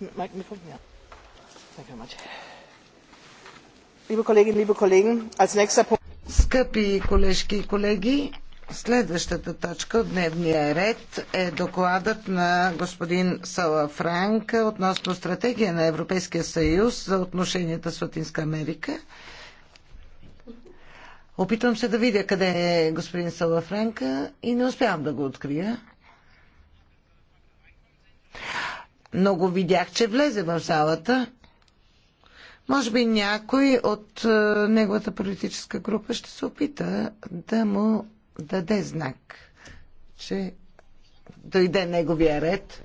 Скъпи колежки и колеги, следващата точка от дневния ред е докладът на господин Сала Франк относно стратегия на Европейския съюз за отношенията с Латинска Америка. Опитвам се да видя къде е господин Салафранка и не успявам да го открия. Но го видях, че влезе в залата. Може би някой от е, неговата политическа група ще се опита да му даде знак, че дойде неговия ред.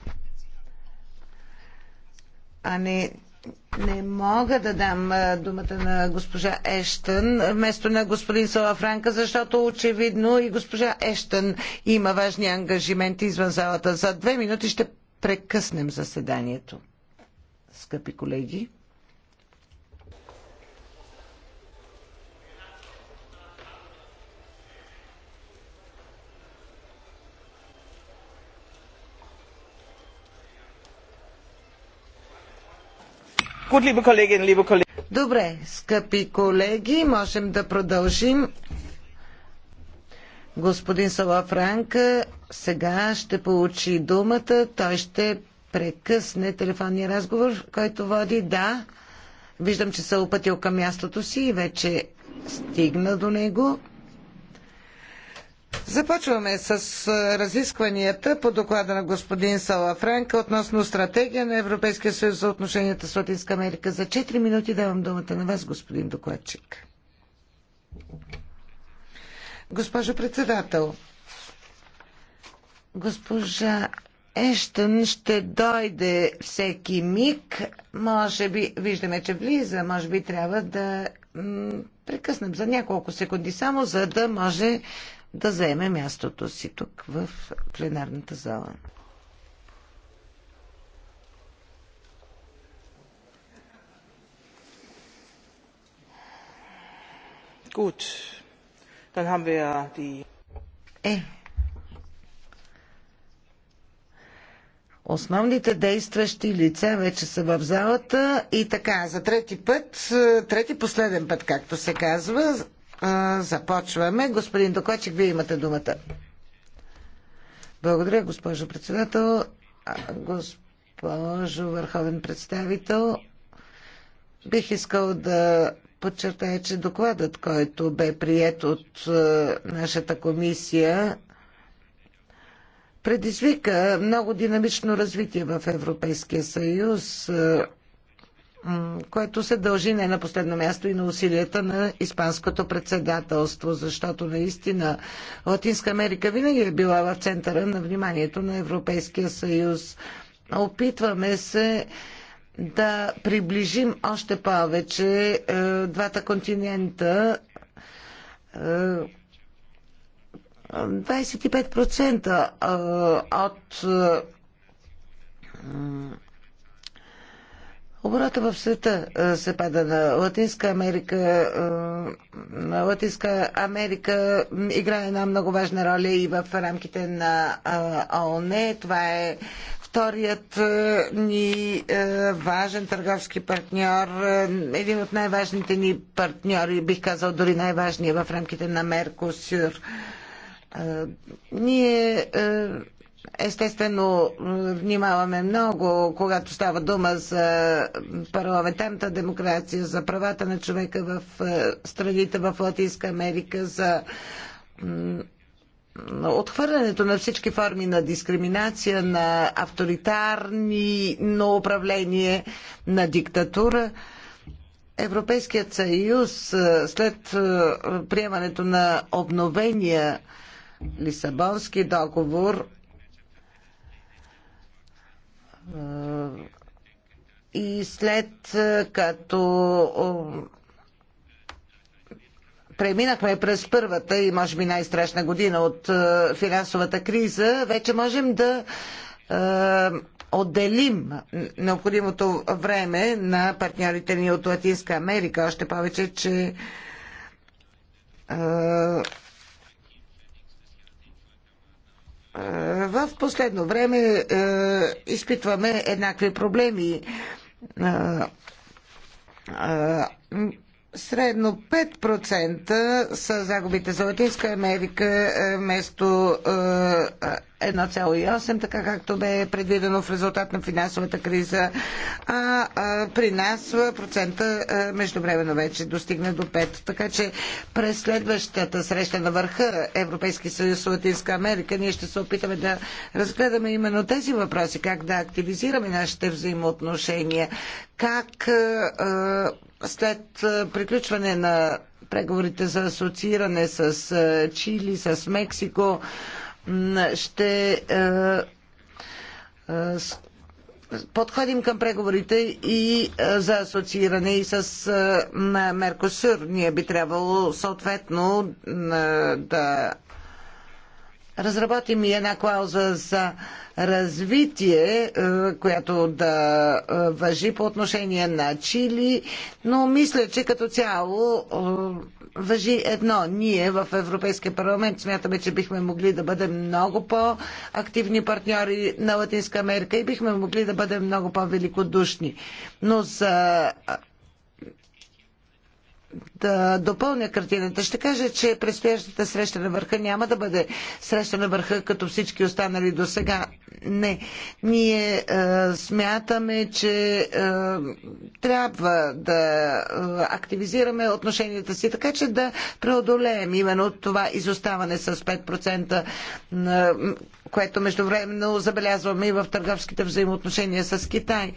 А не, не мога да дам е, думата на госпожа Ештън вместо на господин Салафранка, защото очевидно и госпожа Ештън има важни ангажименти извън залата. За две минути ще прекъснем заседанието, скъпи колеги. Добре, скъпи колеги, можем да продължим. Господин Франка сега ще получи думата. Той ще прекъсне телефонния разговор, който води. Да, виждам, че се е опътил към мястото си и вече стигна до него. Започваме с разискванията по доклада на господин Франка относно стратегия на Европейския съюз за отношенията с Латинска Америка. За 4 минути давам думата на вас, господин докладчик. Госпожо председател, госпожа Ещън ще дойде всеки миг. Може би, виждаме, че влиза, може би трябва да прекъснем за няколко секунди само, за да може да заеме мястото си тук в пленарната зала. Gut. Dann haben wir øh, die. Е. Основните действащи лица вече са в залата и така, за трети път, е, трети последен път, както се казва, е, започваме. Господин Докочик, вие имате думата. Благодаря, госпожо председател. Госпожо върховен представител, бих искал да подчертая, че докладът, който бе прият от е, нашата комисия, предизвика много динамично развитие в Европейския съюз, е, което се дължи не на последно място и на усилията на Испанското председателство, защото наистина Латинска Америка винаги е била в центъра на вниманието на Европейския съюз. Опитваме се да приближим още повече е, двата континента. Е, 25% е, от е, Оборота в света е, се пада на Латинска Америка. На Латинска Америка играе една много важна роля и в рамките на ООН. Това е вторият е, ни е, важен търговски партньор, е, един от най-важните ни партньори, бих казал дори най-важният в рамките на Меркосюр. Ние естествено внимаваме много, когато става дума за парламентарната демокрация, за правата на човека в страните в Латинска Америка, за отхвърлянето на всички форми на дискриминация, на авторитарни, на управление, на диктатура. Европейският съюз след приемането на обновения Лисабонски договор и след като преминахме през първата и може би най-страшна година от е, финансовата криза, вече можем да е, отделим необходимото време на партньорите ни от Латинска Америка. Още повече, че е, в последно време изпитваме еднакви проблеми Средно 5% са загубите за Латинска Америка е, вместо е, 1,8, така както бе предвидено в резултат на финансовата криза. А, а при нас процента междувременно вече достигна до 5. Така че през следващата среща на върха Европейски съюз Латинска Америка ние ще се опитаме да разгледаме именно тези въпроси, как да активизираме нашите взаимоотношения, как а, след приключване на преговорите за асоцииране с Чили, с Мексико, ще е, е, подходим към преговорите и е, за асоцииране и с Меркосур. Ние би трябвало съответно да разработим и една клауза за развитие, е, която да е, въжи по отношение на Чили, но мисля, че като цяло е, въжи едно. Ние в Европейския парламент смятаме, че бихме могли да бъдем много по-активни партньори на Латинска Америка и бихме могли да бъдем много по-великодушни. Но за да допълня картината, ще кажа, че предстоящата среща на върха няма да бъде среща на върха като всички останали до сега. Не. Ние е, смятаме, че е, трябва да е, активизираме отношенията си, така че да преодолеем именно това изоставане с 5%, е, което междувременно забелязваме и в търговските взаимоотношения с Китай.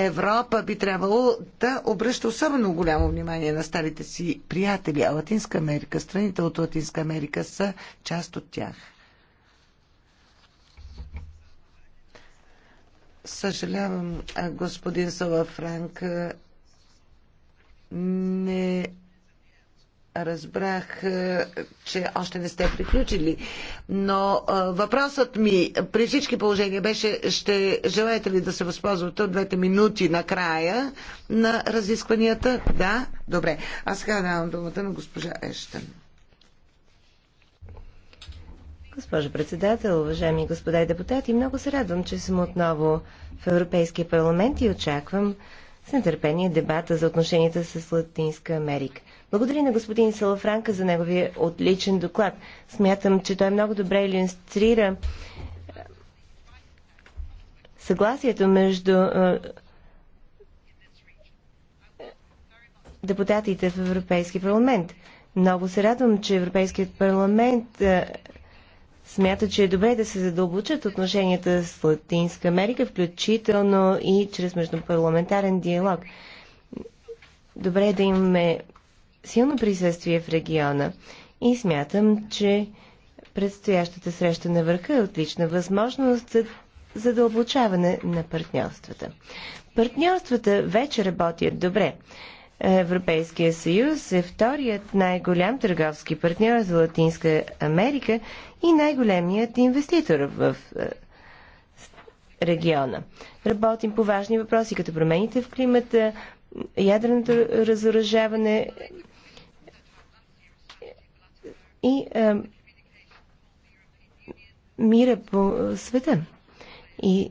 Европа би трябвало да обръща особено голямо внимание на старите си приятели, а Латинска Америка, страните от Латинска Америка са част от тях. Съжалявам, господин Сова Франк, не разбрах, е, че още не сте приключили, но е, въпросът ми при всички положения беше, ще желаете ли да се възползвате от двете минути на края на разискванията? Да? Добре. Аз сега давам думата на госпожа Ещен. Госпожо председател, уважаеми господа и депутати, много се радвам, че съм отново в Европейския парламент и очаквам с нетърпение дебата за отношенията с Латинска Америка. Благодаря на господин Салафранка за неговия отличен доклад. Смятам, че той много добре иллюстрира е, съгласието между е, депутатите в Европейски парламент. Много се радвам, че Европейският парламент е, смята, че е добре да се задълбочат отношенията с Латинска Америка, включително и чрез междупарламентарен диалог. Добре е да имаме силно присъствие в региона и смятам, че предстоящата среща на върха е отлична възможност за задълбочаване на партньорствата. Партньорствата вече работят добре. Европейския съюз е вторият най-голям търговски партньор за Латинска Америка и най-големият инвеститор в е, региона. Работим по важни въпроси, като промените в климата, ядреното разоръжаване, и е, мира по света. И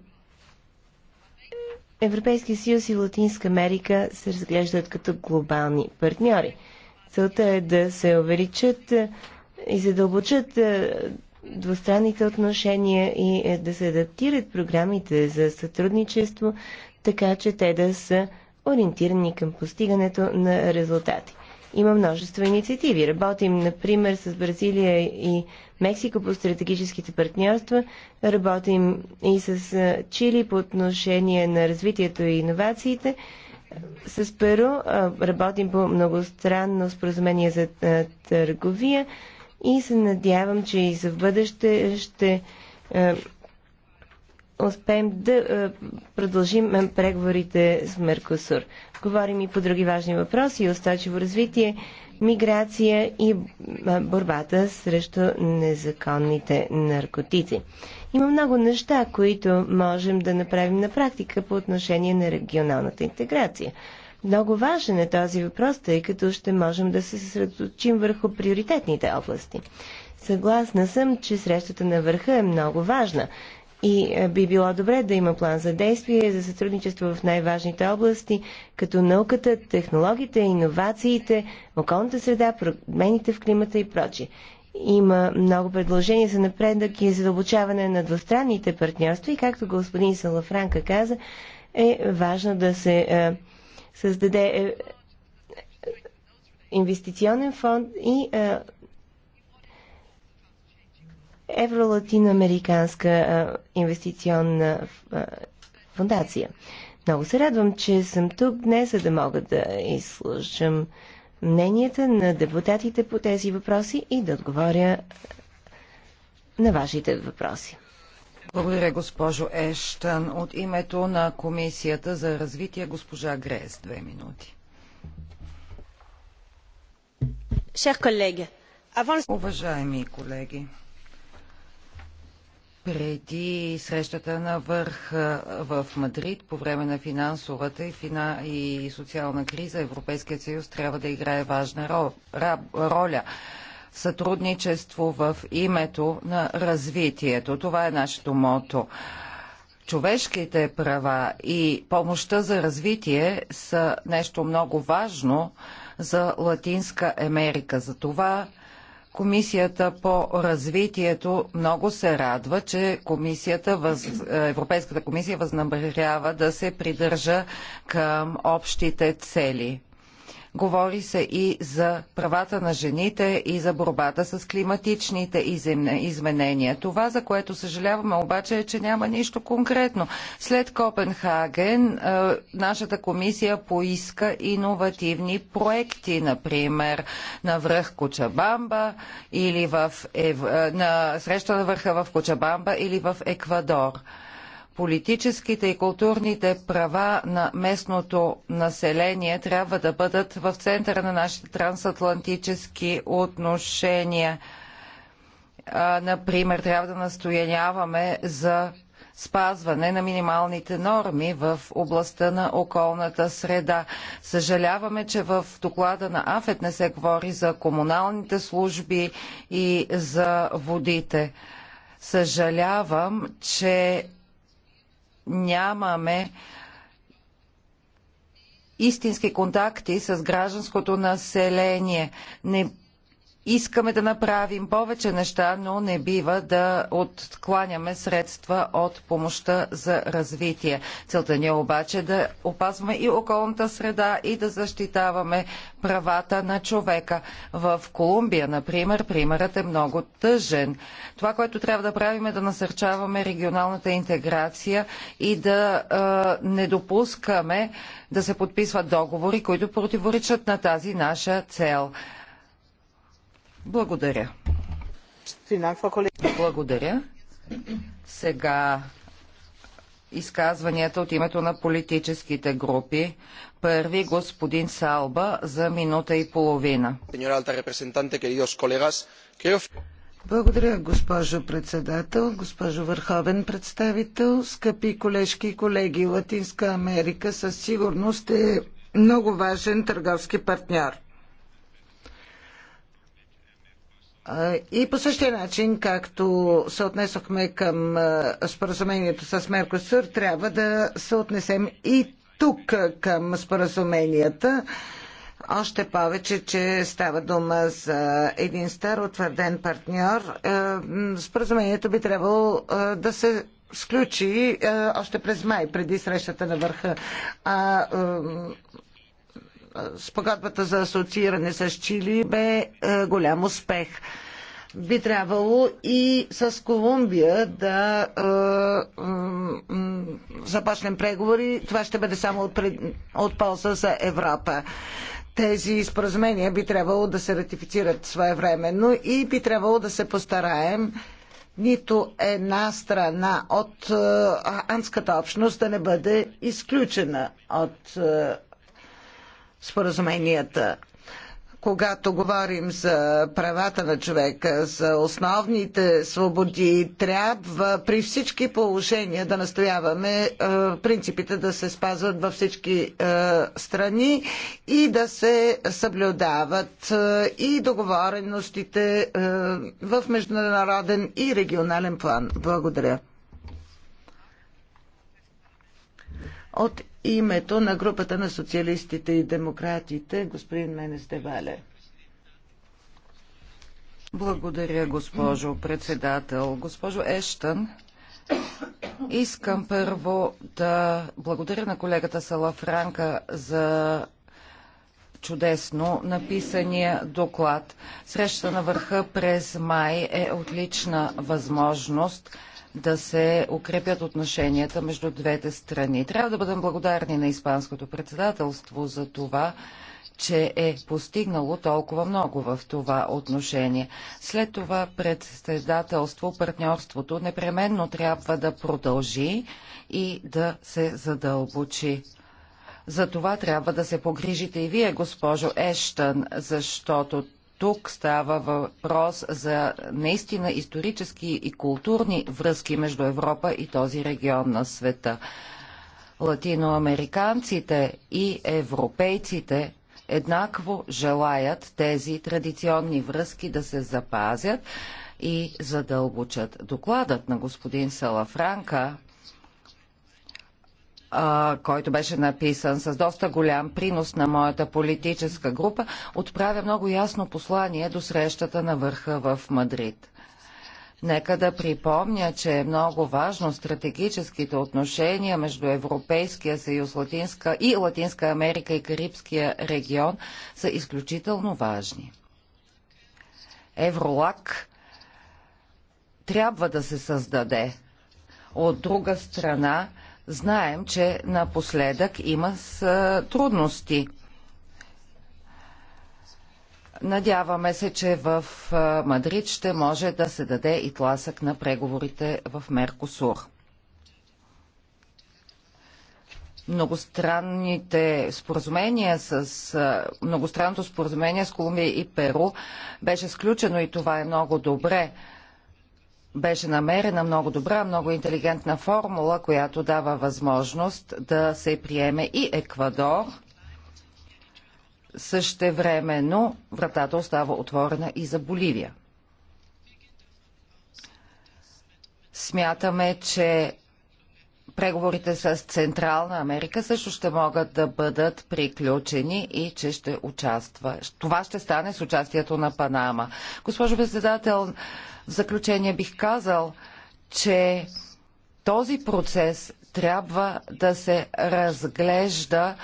Европейския съюз и Латинска Америка се разглеждат като глобални партньори. Целта е да се увеличат е, и задълбочат е, двустранните отношения и е, да се адаптират програмите за сътрудничество, така че те да са ориентирани към постигането на резултати има множество инициативи. Работим, например, с Бразилия и Мексика по стратегическите партньорства. Работим и с Чили по отношение на развитието и иновациите. С Перу работим по многостранно споразумение за търговия и се надявам, че и за в бъдеще ще успеем да продължим преговорите с Меркосур. Говорим и по други важни въпроси – устойчиво развитие, миграция и борбата срещу незаконните наркотици. Има много неща, които можем да направим на практика по отношение на регионалната интеграция. Много важен е този въпрос, тъй като ще можем да се съсредоточим върху приоритетните области. Съгласна съм, че срещата на върха е много важна. И е, би било добре да има план за действие, за сътрудничество в най-важните области, като науката, технологиите, иновациите, околната среда, промените в климата и прочи. Има много предложения за напредък и задълбочаване на двустранните партньорства и, както господин Салафранка каза, е важно да се е, създаде е, е инвестиционен фонд и е, Евролатиноамериканска инвестиционна фундация. Много се радвам, че съм тук днес, за да мога да изслушам мненията на депутатите по тези въпроси и да отговоря на вашите въпроси. Благодаря, госпожо Ештън. От името на Комисията за развитие, госпожа Грес, две минути. Уважаеми колеги, преди срещата на върх в Мадрид по време на финансовата и, фина... и социална криза Европейският съюз трябва да играе важна ро... роля. Сътрудничество в името на развитието. Това е нашето мото. Човешките права и помощта за развитие са нещо много важно за Латинска Америка. За това Комисията по развитието много се радва, че комисията, въз... Европейската комисия възнамерява да се придържа към общите цели. Говори се и за правата на жените и за борбата с климатичните изменения. Това, за което съжаляваме обаче е, че няма нищо конкретно. След Копенхаген е, нашата комисия поиска иновативни проекти, например на връх Кочабамба или в, е, на среща на върха в Кочабамба или в Еквадор политическите и културните права на местното население трябва да бъдат в центъра на нашите трансатлантически отношения. Например, трябва да настояняваме за спазване на минималните норми в областта на околната среда. Съжаляваме, че в доклада на АФЕТ не се говори за комуналните служби и за водите. Съжалявам, че нямаме истински контакти с гражданското население. Не Искаме да направим повече неща, но не бива да откланяме средства от помощта за развитие. Целта ни е обаче да опазваме и околната среда и да защитаваме правата на човека. В Колумбия, например, примерът е много тъжен. Това, което трябва да правим е да насърчаваме регионалната интеграция и да е, не допускаме да се подписват договори, които противоречат на тази наша цел. Благодаря. Благодаря. Сега изказванията от името на политическите групи. Първи господин Салба за минута и половина. Благодаря, госпожо председател, госпожо върховен представител, скъпи колежки и колеги. Латинска Америка със сигурност е много важен търговски партньор. И по същия начин, както се отнесохме към споразумението с Меркосур, трябва да се отнесем и тук към споразуменията. Още повече, че става дума за един стар утвърден партньор. Е, споразумението би трябвало е, да се сключи е, още през май, преди срещата на върха. А Спогодбата за асоцииране с Чили бе е, голям успех. Би трябвало и с Колумбия да е, започнем преговори. Това ще бъде само от, пред... от полза за Европа тези споразумения би трябвало да се ратифицират своевременно и би трябвало да се постараем нито една страна от е, анската общност да не бъде изключена от споразуменията. Когато говорим за правата на човека, за основните свободи, трябва при всички положения да настояваме е, принципите да се спазват във всички е, страни и да се съблюдават е, и договореностите в международен и регионален план. Благодаря. От името на групата на социалистите и демократите, господин Менес Девале. Благодаря, госпожо председател. Госпожо Ештън, искам първо да благодаря на колегата Сала Франка за чудесно написания доклад. Среща на върха през май е отлична възможност да се укрепят отношенията между двете страни. Трябва да бъдем благодарни на Испанското председателство за това, че е постигнало толкова много в това отношение. След това председателство, партньорството непременно трябва да продължи и да се задълбочи. За това трябва да се погрижите и вие, госпожо Ештън, защото тук става въпрос за наистина исторически и културни връзки между Европа и този регион на света. Латиноамериканците и европейците еднакво желаят тези традиционни връзки да се запазят и задълбочат. Докладът на господин Салафранка който беше написан с доста голям принос на моята политическа група, отправя много ясно послание до срещата на върха в Мадрид. Нека да припомня, че е много важно стратегическите отношения между Европейския съюз Латинска и Латинска Америка и Карибския регион са изключително важни. Евролак трябва да се създаде. От друга страна, Знаем, че напоследък има трудности. Надяваме се, че в Мадрид ще може да се даде и тласък на преговорите в Меркосур. многостранните споразумения с многостранното споразумение с Колумбия и Перу беше сключено и това е много добре, беше намерена много добра, много интелигентна формула, която дава възможност да се приеме и Еквадор. Същевременно вратата остава отворена и за Боливия. Смятаме, че преговорите с Централна Америка също ще могат да бъдат приключени и че ще участва. Това ще стане с участието на Панама. Госпожо председател, в заключение бих казал, че този процес трябва да се разглежда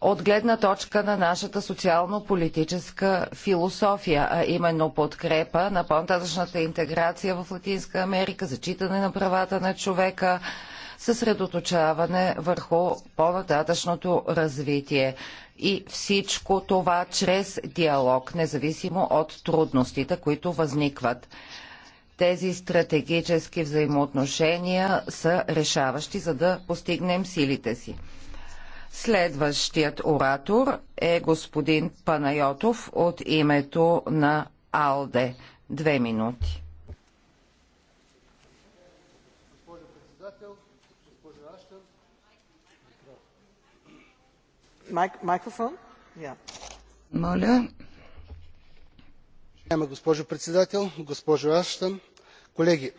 от гледна точка на нашата социално-политическа философия, а именно подкрепа на по-нататъчната интеграция в Латинска Америка, зачитане на правата на човека, съсредоточаване върху по-нататъчното развитие. И всичко това чрез диалог, независимо от трудностите, които възникват. Тези стратегически взаимоотношения са решаващи, за да постигнем силите си. Следващият оратор е господин Панайотов от името на АЛДЕ. Две минути. Майкрофон? Моля. Госпожо председател, госпожо Аштън, колеги!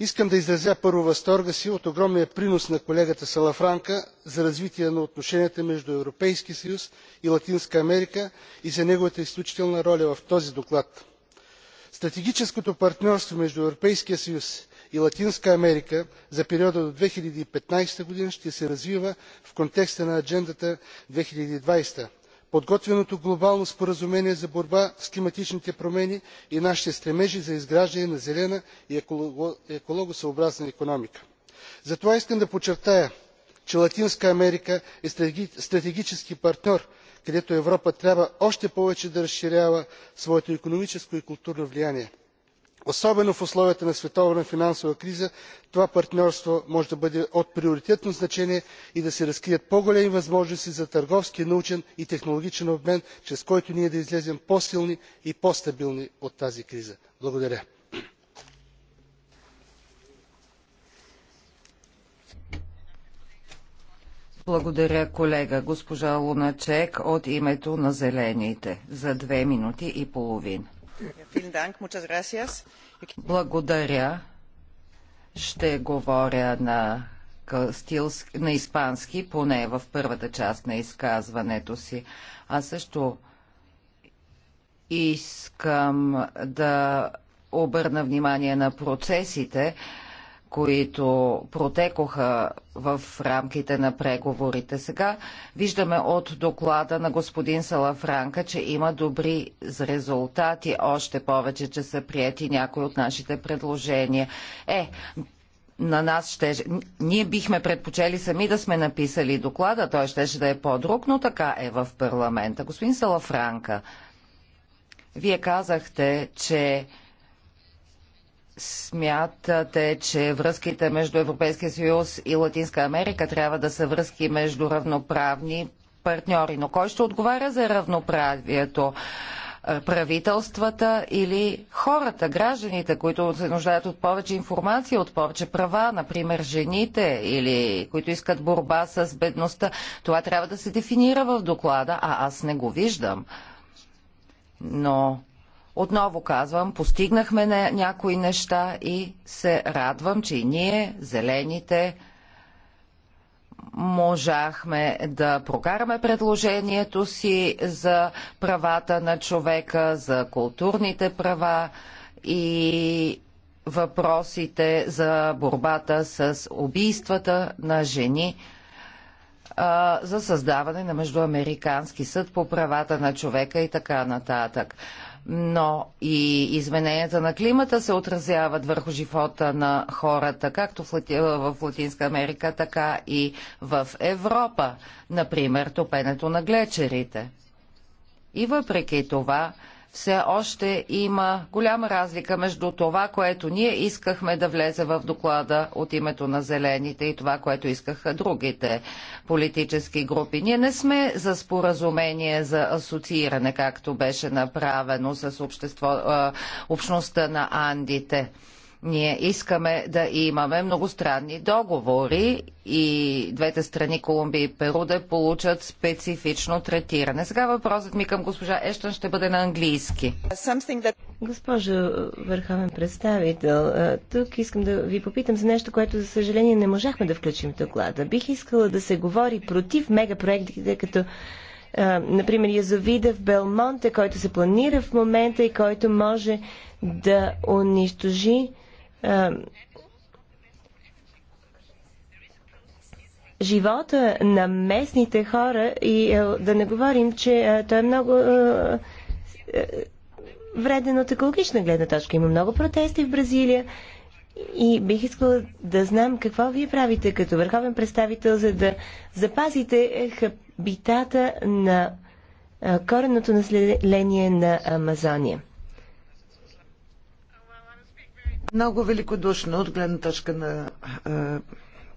искам да изразя първо възторга си от огромния принос на колегата салафранка за развитие на отношенията между европейския съюз и латинска америка и за неговата изключителна роля в този доклад. стратегическото партньорство между европейския съюз и латинска америка за периода до две хиляди и петнадесета г. ще се развива в контекста на агендата две хиляди и двадесета Подготвеното глобално споразумение за борба с климатичните промени и нашите стремежи за изграждане на зелена и екологосъобразна икономика. затова искам да подчертая че латинска америка е стратегически партньор където европа трябва още повече да разширява своето икономическо и културно влияние особено в условията на световна финансова криза това партньорство може да бъде от приоритетно значение и да се разкрият по големи възможности за търговски научен и технологичен обмен чрез който ние да излезем по силни и по стабилни от тази криза. благодаря. Благодаря, колега. Госпожа Луначек от името на Зелените за две минути и половина. Благодаря. Ще говоря на, кастилски, на испански, поне в първата част на изказването си. Аз също искам да обърна внимание на процесите, които протекоха в рамките на преговорите. Сега виждаме от доклада на господин Салафранка, че има добри резултати, още повече, че са прияти някои от нашите предложения. Е, на нас ще... Ние бихме предпочели сами да сме написали доклада, той щеше да е по-друг, но така е в парламента. Господин Салафранка, вие казахте, че смятате, че връзките между Европейския съюз и Латинска Америка трябва да са връзки между равноправни партньори. Но кой ще отговаря за равноправието? правителствата или хората, гражданите, които се нуждаят от повече информация, от повече права, например жените или които искат борба с бедността. Това трябва да се дефинира в доклада, а аз не го виждам. Но отново казвам, постигнахме някои неща и се радвам, че и ние, зелените, можахме да прокараме предложението си за правата на човека, за културните права и въпросите за борбата с убийствата на жени за създаване на Междуамерикански съд по правата на човека и така нататък но и измененията на климата се отразяват върху живота на хората, както в, Лати... в Латинска Америка, така и в Европа, например топенето на глечерите. И въпреки това, все още има голяма разлика между това, което ние искахме да влезе в доклада от името на зелените и това, което искаха другите политически групи. Ние не сме за споразумение за асоцииране, както беше направено с общество, общността на Андите. Ние искаме да имаме многостранни договори и двете страни Колумбия и Перу да получат специфично третиране. Сега въпросът ми към госпожа Ештън ще бъде на английски. Госпожо върховен представител, тук искам да ви попитам за нещо, което за съжаление не можахме да включим в доклада. Бих искала да се говори против мегапроектите като например, язовида в Белмонте, който се планира в момента и който може да унищожи е, живота на местните хора и е, да не говорим, че е, той е много вреден от екологична гледна точка. Има много протести в Бразилия и бих искала да знам какво вие правите като върховен представител, за да запазите хабитата на коренното население на Амазония много великодушно от гледна точка на а,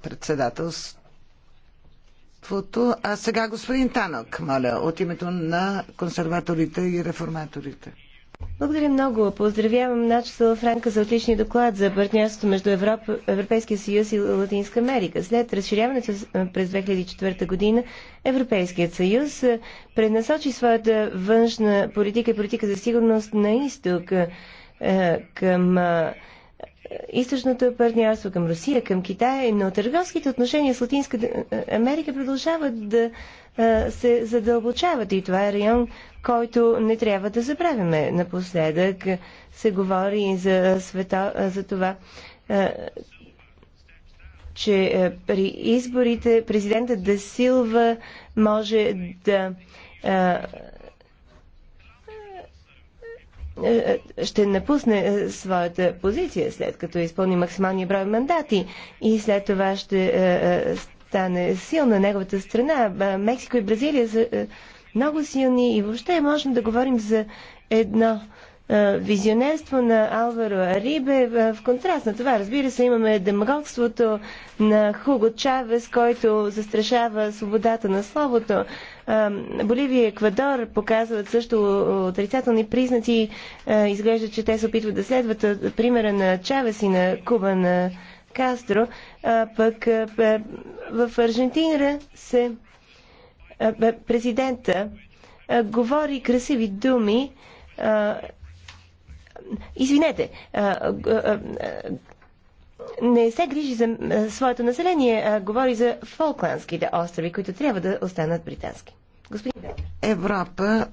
председателството. А сега господин Танок, моля, от името на консерваторите и реформаторите. Благодаря много. Поздравявам Начо Салафранка за отличния доклад за партньорството между Европ... Европейския съюз и Латинска Америка. След разширяването през 2004 година, Европейският съюз преднасочи своята външна политика и политика за сигурност на изток към източното партньорство към Русия, към Китай, но търговските отношения с Латинска Америка продължават да се задълбочават и това е район, който не трябва да забравяме. Напоследък се говори за, свето, за това, че при изборите президента Десилва може да е, е, ще напусне е, своята позиция, след като изпълни максималния брой мандати и след това ще стане силна неговата страна. Мексико и Бразилия са много силни и въобще можем да говорим за едно визионерство на Алваро Рибе. В контраст на това, разбира се, имаме демагогството на Хуго Чавес, който застрашава свободата на словото. Боливия и Еквадор показват също отрицателни признаци. Изглежда, че те се опитват да следват примера на Чавес и на Куба на Кастро. А пък в Аржентина се президента говори красиви думи. Извинете, не се грижи за своето население, а говори за фолкландските острови, които трябва да останат британски. Господин Европа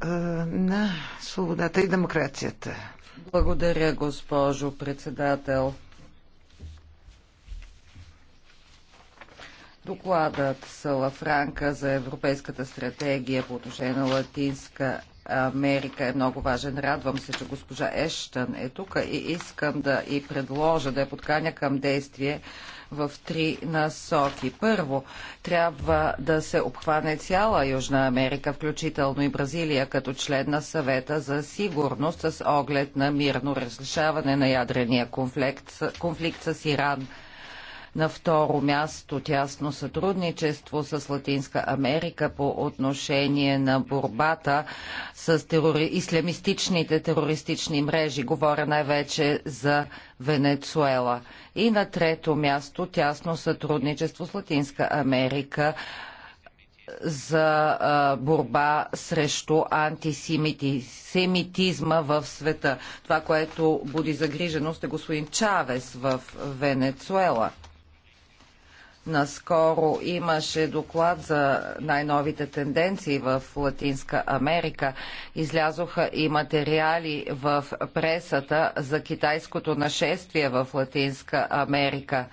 на свободата и демокрацията. Благодаря, госпожо председател. Докладът Салафранка за Европейската стратегия по отношение на Латинска Америка е много важен. Радвам се, че госпожа Ештън е тук и искам да и предложа, да я подканя към действие в три насоки. Първо, трябва да се обхване цяла Южна Америка, включително и Бразилия, като член на съвета за сигурност с оглед на мирно разрешаване на ядрения конфликт, конфликт с Иран – на второ място тясно сътрудничество с Латинска Америка по отношение на борбата с терори... ислямистичните терористични мрежи. Говоря най-вече за Венецуела. И на трето място тясно сътрудничество с Латинска Америка за а, борба срещу антисемитизма в света. Това, което буди загриженост е господин Чавес в Венецуела. Наскоро имаше доклад за най-новите тенденции в Латинска Америка. Излязоха и материали в пресата за китайското нашествие в Латинска Америка.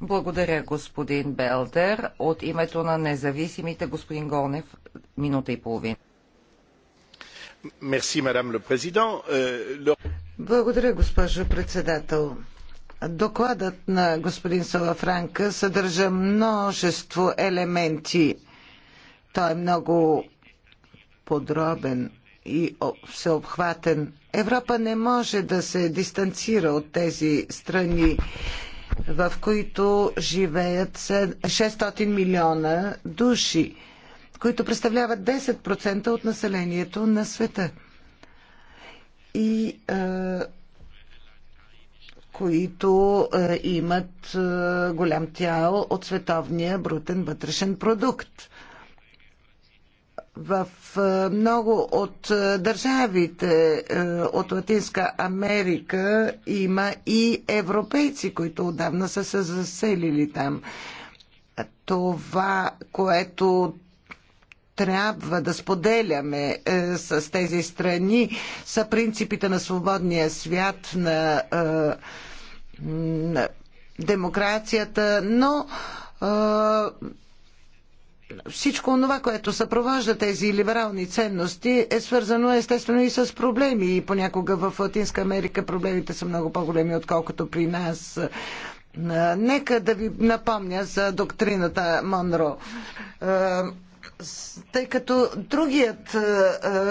Благодаря, господин Белдер. От името на независимите, господин Голнев, минута и половина. Euh, Благодаря, госпожо председател. Докладът на господин Салафранка съдържа множество елементи. Той е много подробен и всеобхватен. Европа не може да се дистанцира от тези страни, в които живеят 600 милиона души, които представляват 10% от населението на света. И е, които е, имат е, голям тял от световния брутен вътрешен продукт. В е, много от държавите от Латинска Америка има и европейци, които отдавна са се заселили там. Това, което трябва да споделяме е, с тези страни са принципите на свободния свят, на е, демокрацията, но всичко това, което съпровожда тези либерални ценности, е свързано естествено и с проблеми. И понякога в Латинска Америка проблемите са много по-големи, отколкото при нас. Нека да ви напомня за доктрината Монро. Тъй като другият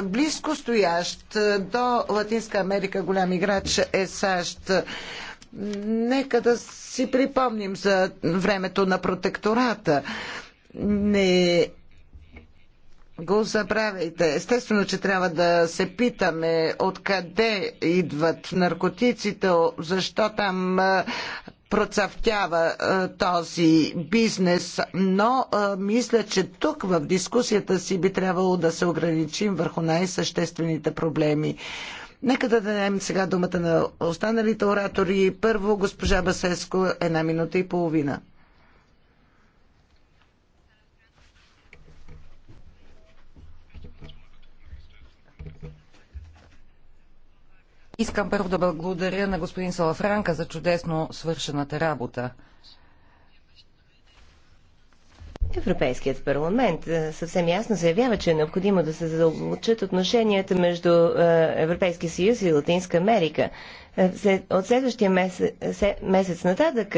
близко стоящ до Латинска Америка голям играч е САЩ. Нека да си припомним за времето на протектората. Не го забравяйте. Естествено, че трябва да се питаме откъде идват наркотиците, защо там процъфтява този бизнес, но мисля, че тук в дискусията си би трябвало да се ограничим върху най-съществените проблеми. Нека да дадем сега думата на останалите оратори. Първо госпожа Басеско, една минута и половина. Искам първо да благодаря на господин Салафранка за чудесно свършената работа. Европейският парламент е, съвсем ясно заявява, че е необходимо да се задълбочат отношенията между е, Европейския съюз и Латинска Америка. Е, от следващия месец, месец нататък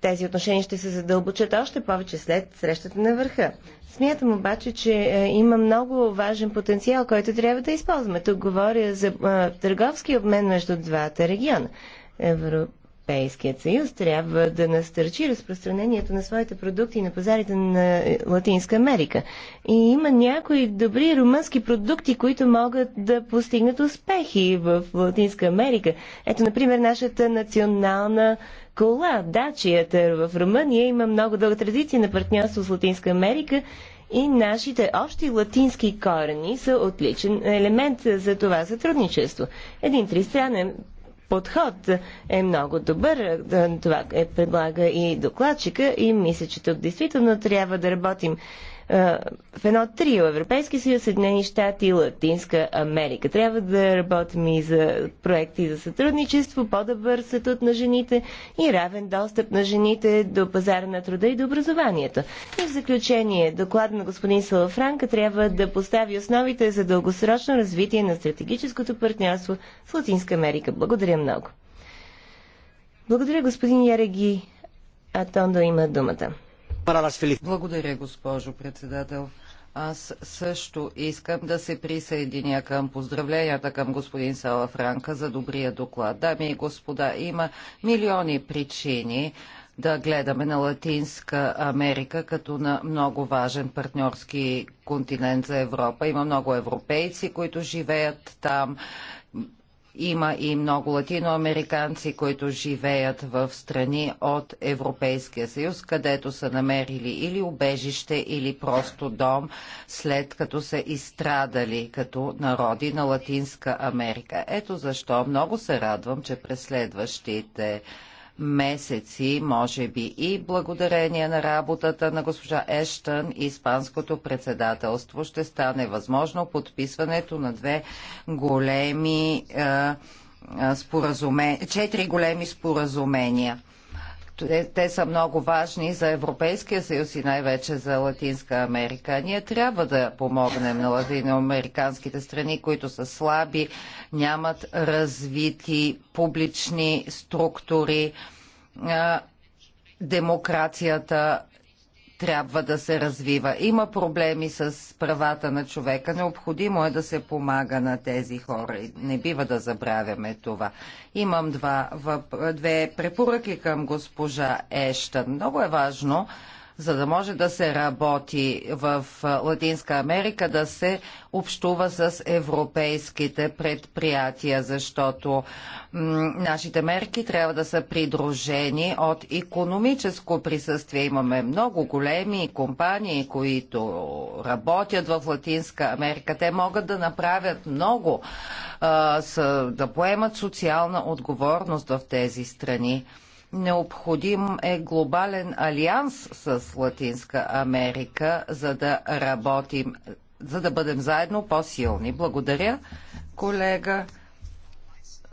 тези отношения ще се задълбочат още повече след срещата на върха. Смятам обаче, че има много важен потенциал, който трябва да използваме. Тук говоря за търговски обмен между двата региона. Европейският съюз трябва да настърчи разпространението на своите продукти на пазарите на Латинска Америка. И има някои добри румънски продукти, които могат да постигнат успехи в Латинска Америка. Ето, например, нашата национална кола, дачията в Румъния има много дълга традиция на партньорство с Латинска Америка и нашите общи латински корени са отличен елемент за това сътрудничество. Един тристранен подход е много добър. Това е предлага и докладчика и мисля, че тук действително трябва да работим е, в едно трио Европейски съюз, Съединени щати и Латинска Америка. Трябва да работим и за проекти за сътрудничество, по-добър статут на жените и равен достъп на жените до пазара на труда и до образованието. И в заключение, доклад на господин Салафранка трябва да постави основите за дългосрочно развитие на стратегическото партньорство с Латинска Америка. Благодаря много. Благодаря, господин Яреги. Атондо има думата. Благодаря, госпожо председател. Аз също искам да се присъединя към поздравленията към господин Сала Франка за добрия доклад. Дами и господа, има милиони причини да гледаме на Латинска Америка като на много важен партньорски континент за Европа. Има много европейци, които живеят там има и много латиноамериканци, които живеят в страни от Европейския съюз, където са намерили или убежище, или просто дом, след като са изстрадали като народи на Латинска Америка. Ето защо много се радвам, че през следващите месеци, може би и благодарение на работата на госпожа Ештън, Испанското председателство ще стане възможно подписването на две големи е, е споразуме... четири големи споразумения. Те, са много важни за Европейския съюз и най-вече за Латинска Америка. Ние трябва да помогнем на латиноамериканските страни, които са слаби, нямат развити публични структури. Демокрацията трябва да се развива. Има проблеми с правата на човека. Необходимо е да се помага на тези хора. Не бива да забравяме това. Имам два, въп... две препоръки към госпожа Ещан. Много е важно за да може да се работи в Латинска Америка, да се общува с европейските предприятия, защото нашите мерки трябва да са придружени от економическо присъствие. Имаме много големи компании, които работят в Латинска Америка. Те могат да направят много, да поемат социална отговорност в тези страни. Необходим е глобален алианс с Латинска Америка, за да работим, за да бъдем заедно по-силни. Благодаря, колега.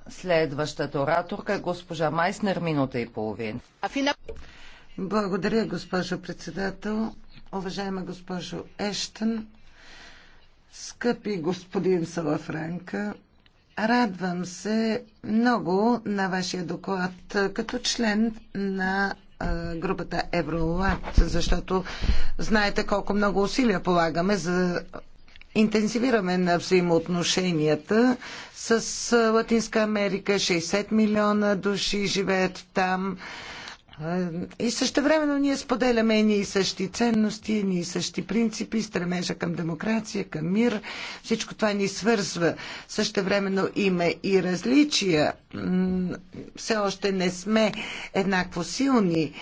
Следващата ораторка е госпожа Майснер, минута и половина. Благодаря, госпожо председател. Уважаема госпожо Ештън, скъпи господин Салафранка, Радвам се много на вашия доклад като член на групата Евролат, защото знаете колко много усилия полагаме за интенсивираме на взаимоотношенията с Латинска Америка. 60 милиона души живеят там. И също времено ние споделяме едни и същи ценности, едни и същи принципи, стремежа към демокрация, към мир. Всичко това ни свързва. Също времено има и различия. Все още не сме еднакво силни,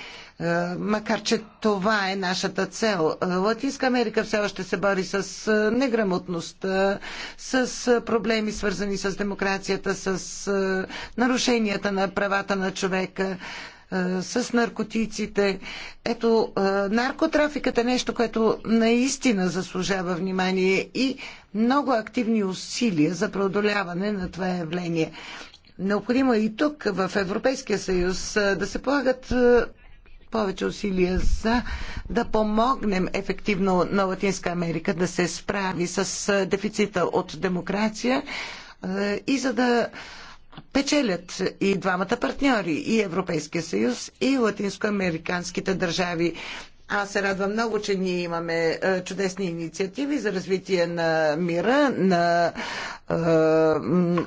макар че това е нашата цел. Латинска Америка все още се бори с неграмотност, с проблеми свързани с демокрацията, с нарушенията на правата на човека с наркотиците. Ето, наркотрафикът е нещо, което наистина заслужава внимание и много активни усилия за преодоляване на това явление. Необходимо е и тук, в Европейския съюз, да се полагат повече усилия за да помогнем ефективно на Латинска Америка да се справи с дефицита от демокрация и за да печелят и двамата партньори, и Европейския съюз, и латинскоамериканските държави. Аз се радвам много, че ние имаме е, чудесни инициативи за развитие на мира, на е,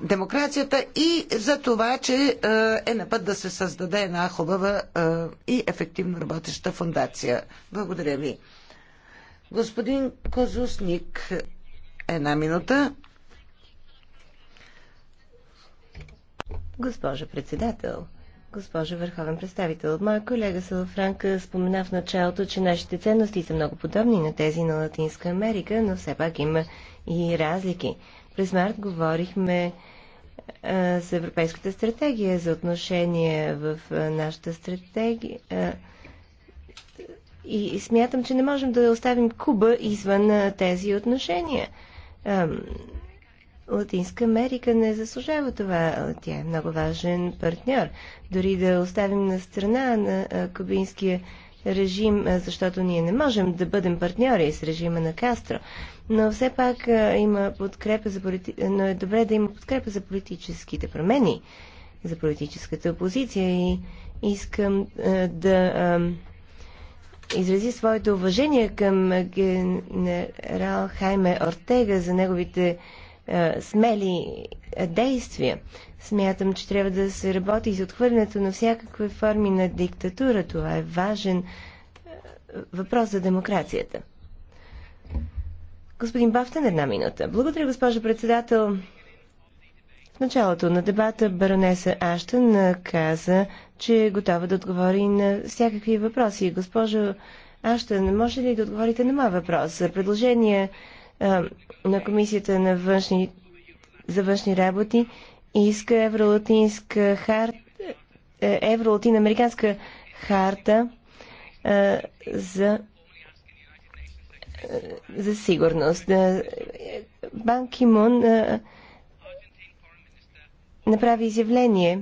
демокрацията и за това, че е, е на път да се създаде една хубава е, и ефективно работеща фундация. Благодаря ви. Господин Козусник, една минута. Госпожа председател, госпожа върховен представител, моя колега Салафранка спомена в началото, че нашите ценности са много подобни на тези на Латинска Америка, но все пак има и разлики. През март говорихме а, Европейската стратегия, за отношение в а, нашата стратегия. А, и, и смятам, че не можем да оставим Куба извън а, тези отношения. А, Латинска Америка не заслужава това. Тя е много важен партньор. Дори да оставим на страна на кубинския режим, защото ние не можем да бъдем партньори с режима на Кастро. Но все пак има подкрепа за полити... но е добре да има подкрепа за политическите промени, за политическата опозиция и искам да изрази своето уважение към генерал Хайме Ортега за неговите е, смели е, действия. Смятам, че трябва да се работи и за отхвърлянето на всякакви форми на диктатура. Това е важен е, въпрос за демокрацията. Господин Бафтен, една минута. Благодаря, госпожо председател. В началото на дебата баронеса Аштън каза, че е готова да отговори на всякакви въпроси. Госпожо Аштън, може ли да отговорите на моя въпрос за предложение на Комисията на външни, за външни работи иска евролатинска е, харта, американска харта за за сигурност. Бан Кимон направи изявление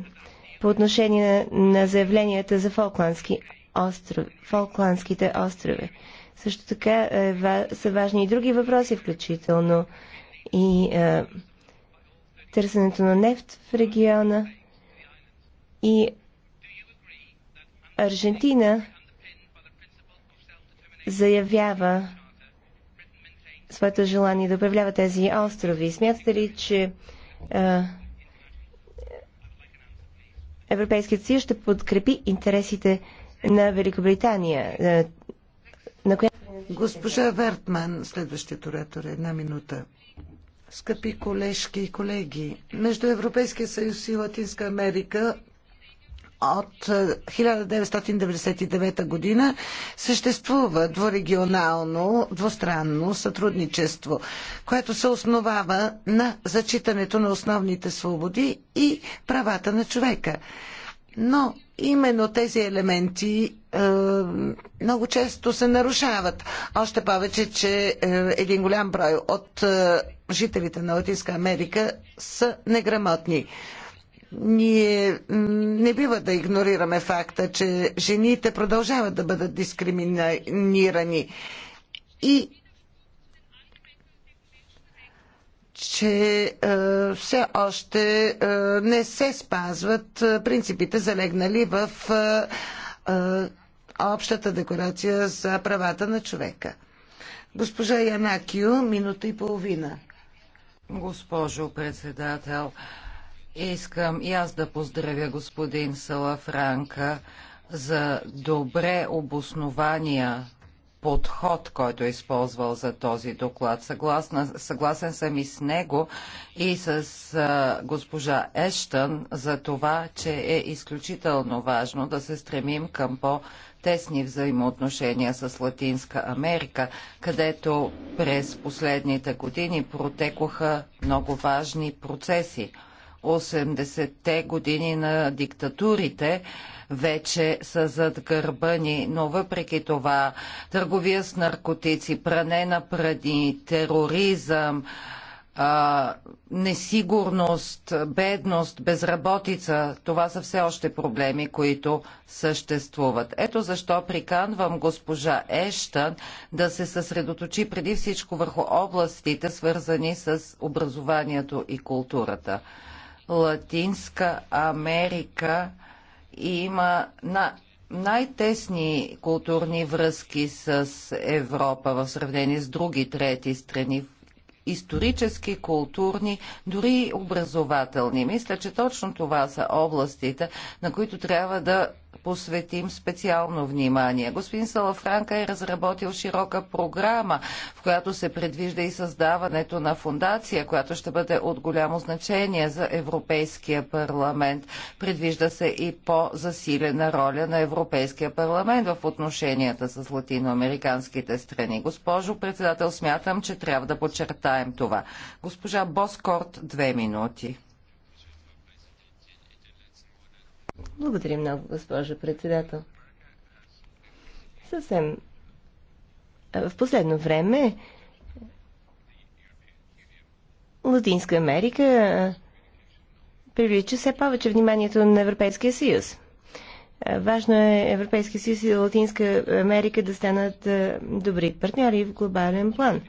по отношение на, на заявленията за Фолкландски остров, Фолкландските острови. Също така е, ва, са важни и други въпроси, включително и е, търсенето на нефт в региона. И Аржентина заявява своето желание да управлява тези острови. Смятате ли, че е, Европейският съюз ще подкрепи интересите на Великобритания? Е, Госпожа Вертман, следващият оратор, една минута. Скъпи колежки и колеги, между Европейския съюз и Латинска Америка от 1999 е, година съществува двурегионално, двустранно сътрудничество, което се основава на зачитането на основните свободи и правата на човека. Но именно тези елементи е, много често се нарушават. Още повече, че е, един голям брой от е, жителите на Латинска Америка са неграмотни. Ние не бива да игнорираме факта, че жените продължават да бъдат дискриминирани и че е, все още е, не се спазват е, принципите залегнали в Общата декларация за правата на човека. Госпожа Янакио, минута и половина. Госпожо председател, искам и аз да поздравя господин Салафранка за добре обоснования подход, който е използвал за този доклад. Съгласна, съгласен съм и с него и с а, госпожа Ештън за това, че е изключително важно да се стремим към по- тесни взаимоотношения с Латинска Америка, където през последните години протекоха много важни процеси. 80-те години на диктатурите вече са зад гърба ни, но въпреки това търговия с наркотици, пране на пради, тероризъм, а, несигурност, бедност, безработица, това са все още проблеми, които съществуват. Ето защо приканвам госпожа Ещан да се съсредоточи преди всичко върху областите, свързани с образованието и културата. Латинска Америка има на най-тесни културни връзки с Европа в сравнение с други трети страни, исторически, културни, дори образователни. Мисля, че точно това са областите, на които трябва да посветим специално внимание. Господин Салафранка е разработил широка програма, в която се предвижда и създаването на фундация, която ще бъде от голямо значение за Европейския парламент. Предвижда се и по-засилена роля на Европейския парламент в отношенията с латиноамериканските страни. Госпожо председател, смятам, че трябва да подчертаем това. Госпожа Боскорт, две минути. Благодаря много, госпожа председател. Съвсем в последно време Латинска Америка привлича все повече вниманието на Европейския съюз. Важно е Европейския съюз и Латинска Америка да станат добри партньори в глобален план.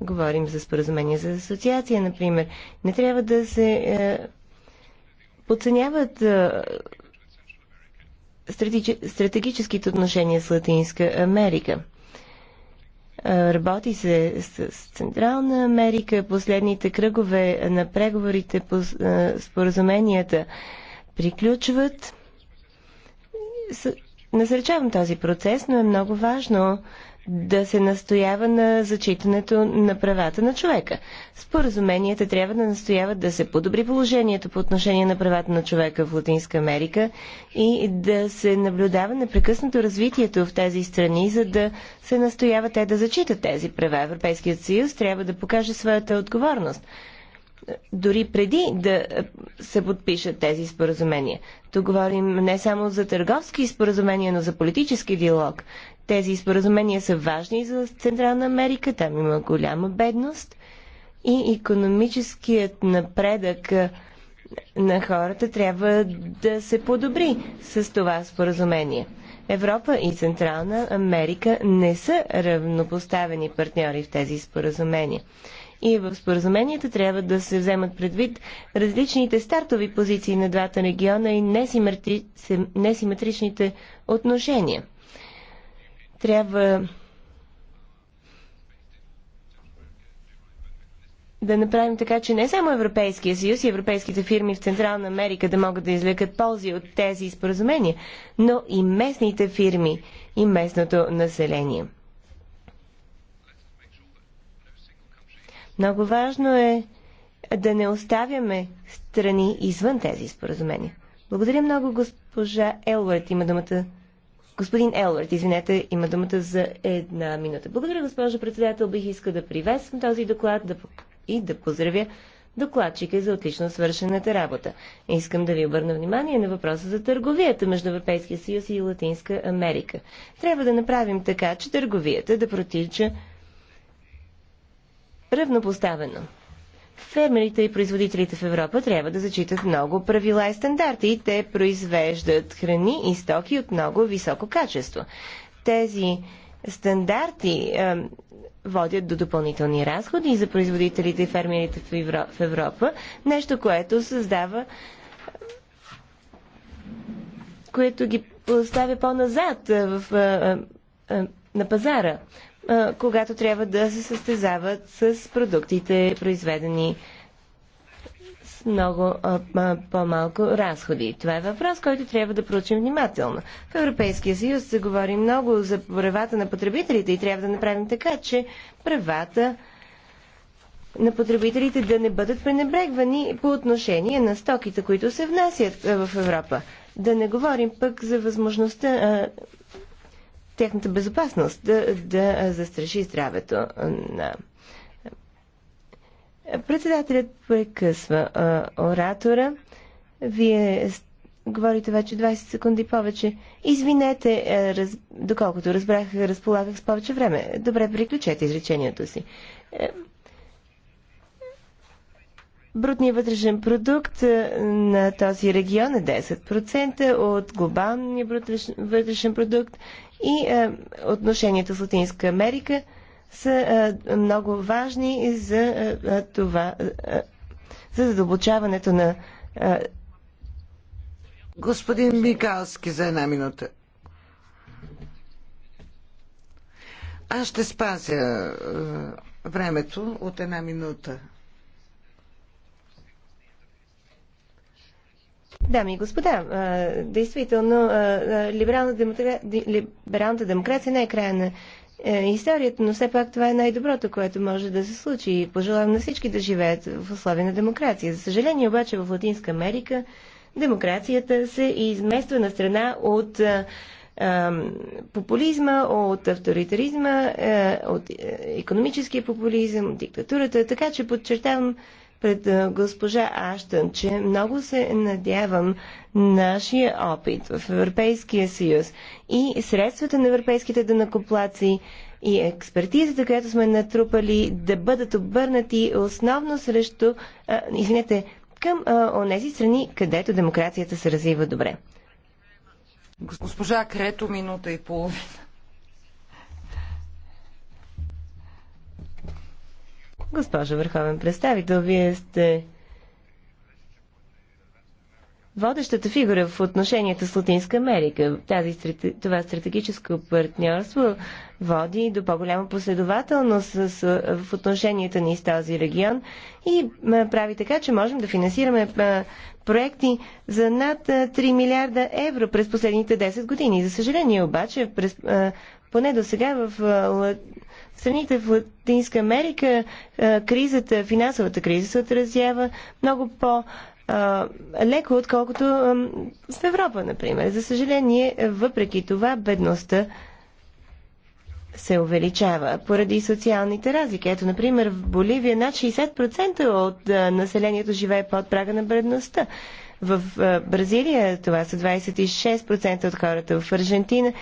Говорим за споразумение за асоциация, например. Не трябва да се подценяват стратегическите отношения с Латинска Америка. Работи се с Централна Америка. Последните кръгове на преговорите по споразуменията приключват. Насърчавам този процес, но е много важно да се настоява на зачитането на правата на човека. Споразуменията трябва да настояват да се подобри положението по отношение на правата на човека в Латинска Америка и да се наблюдава непрекъснато развитието в тези страни, за да се настоява те да зачитат тези права. Европейският съюз трябва да покаже своята отговорност дори преди да се подпишат тези споразумения. Тук говорим не само за търговски споразумения, но за политически диалог. Тези споразумения са важни за Централна Америка, там има голяма бедност и економическият напредък на хората трябва да се подобри с това споразумение. Европа и Централна Америка не са равнопоставени партньори в тези споразумения. И в споразуменията трябва да се вземат предвид различните стартови позиции на двата региона и несиметричните отношения трябва да направим така, че не само Европейския съюз и европейските фирми в Централна Америка да могат да извлекат ползи от тези споразумения, но и местните фирми и местното население. Много важно е да не оставяме страни извън тези споразумения. Благодаря много, госпожа Елвард. Има думата Господин Елвард, извинете, има думата за една минута. Благодаря, госпожо председател. Бих искал да приветствам този доклад да, и да поздравя докладчика за отлично свършената работа. Искам да ви обърна внимание на въпроса за търговията между Европейския съюз и Латинска Америка. Трябва да направим така, че търговията да протича равнопоставено. Фермерите и производителите в Европа трябва да зачитат много правила и стандарти. те произвеждат храни и стоки от много високо качество. Тези стандарти е, водят до допълнителни разходи за производителите и фермерите в Европа, нещо, което създава което ги поставя по-назад е, в, е, е, на пазара когато трябва да се състезават с продуктите, произведени с много по-малко разходи. Това е въпрос, който трябва да проучим внимателно. В Европейския съюз се говори много за правата на потребителите и трябва да направим така, че правата на потребителите да не бъдат пренебрегвани по отношение на стоките, които се внасят в Европа. Да не говорим пък за възможността тяхната безопасност, да, да застраши здравето на. Председателят прекъсва а, оратора. Вие говорите вече 20 секунди повече. Извинете, а, раз... доколкото разбрах, разполагах с повече време. Добре, приключете изречението си. Е, Брутният вътрешен продукт е, на този регион е 10% от глобалния вътрешен продукт и е, отношенията с Латинска Америка са е, много важни за е, е това, е, за задълбочаването на. Господин Микалски за една минута. Аз ще спазя времето от една минута. Дами и господа, действително, либерална демокра... либералната демокрация не е края на е, историята, но все пак това е най-доброто, което може да се случи и пожелавам на всички да живеят в условия на демокрация. За съжаление обаче в Латинска Америка демокрацията се измества на страна от популизма, от авторитаризма, е, от економическия популизъм, от диктатурата, така че подчертавам пред госпожа Аштън, че много се надявам нашия опит в Европейския съюз и средствата на европейските дънакоплаци и експертизата, която сме натрупали, да бъдат обърнати основно срещу, а, извинете, към а, онези страни, където демокрацията се развива добре. Госпожа Крето, минута и половина. Госпожо Върховен представител, вие сте водещата фигура в отношенията с Латинска Америка. Тази, това стратегическо партньорство води до по-голяма последователност в отношенията ни с този регион и прави така, че можем да финансираме проекти за над 3 милиарда евро през последните 10 години. За съжаление обаче, през, поне до сега в страните в Латинска Америка е, кризата, финансовата криза се отразява много по- е, леко, отколкото е, в Европа, например. За съжаление, въпреки това, бедността се увеличава поради социалните разлики. Ето, например, в Боливия над 60% от населението живее под прага на бедността. В Бразилия това са 26% от хората, в Аржентина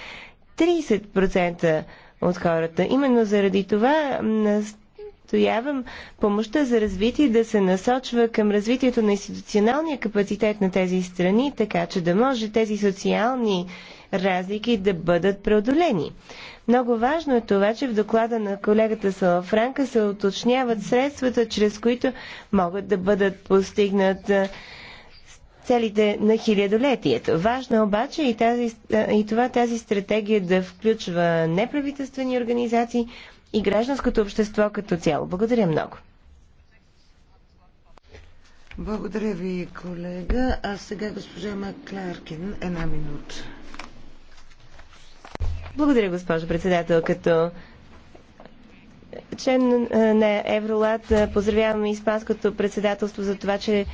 30% от хората. Именно заради това настоявам помощта за развитие да се насочва към развитието на институционалния капацитет на тези страни, така че да може тези социални разлики да бъдат преодолени. Много важно е това, че в доклада на колегата Салафранка се уточняват средствата, чрез които могат да бъдат постигнат целите на хилядолетието. Важно е обаче и, тази, и това тази стратегия да включва неправителствени организации и гражданското общество като цяло. Благодаря много. Благодаря ви, колега. А сега госпожа Макларкин, една минута. Благодаря, госпожо председател. Като член на Евролат поздравяваме Испанското председателство за това, че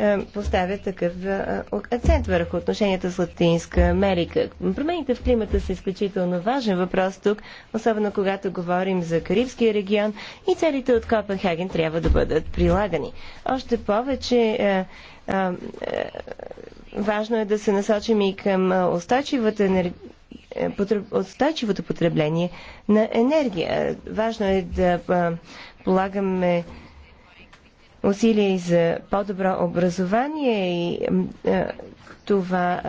е, поставя такъв е, акцент върху отношенията с Латинска Америка. Промените в климата са изключително важен въпрос тук, особено когато говорим за Карибския регион и целите от Копенхаген трябва да бъдат прилагани. Още повече е, важно е да се насочим и към устойчивата енергия устойчивото потребление на енергия. Важно е да полагаме усилия и за по-добро образование и това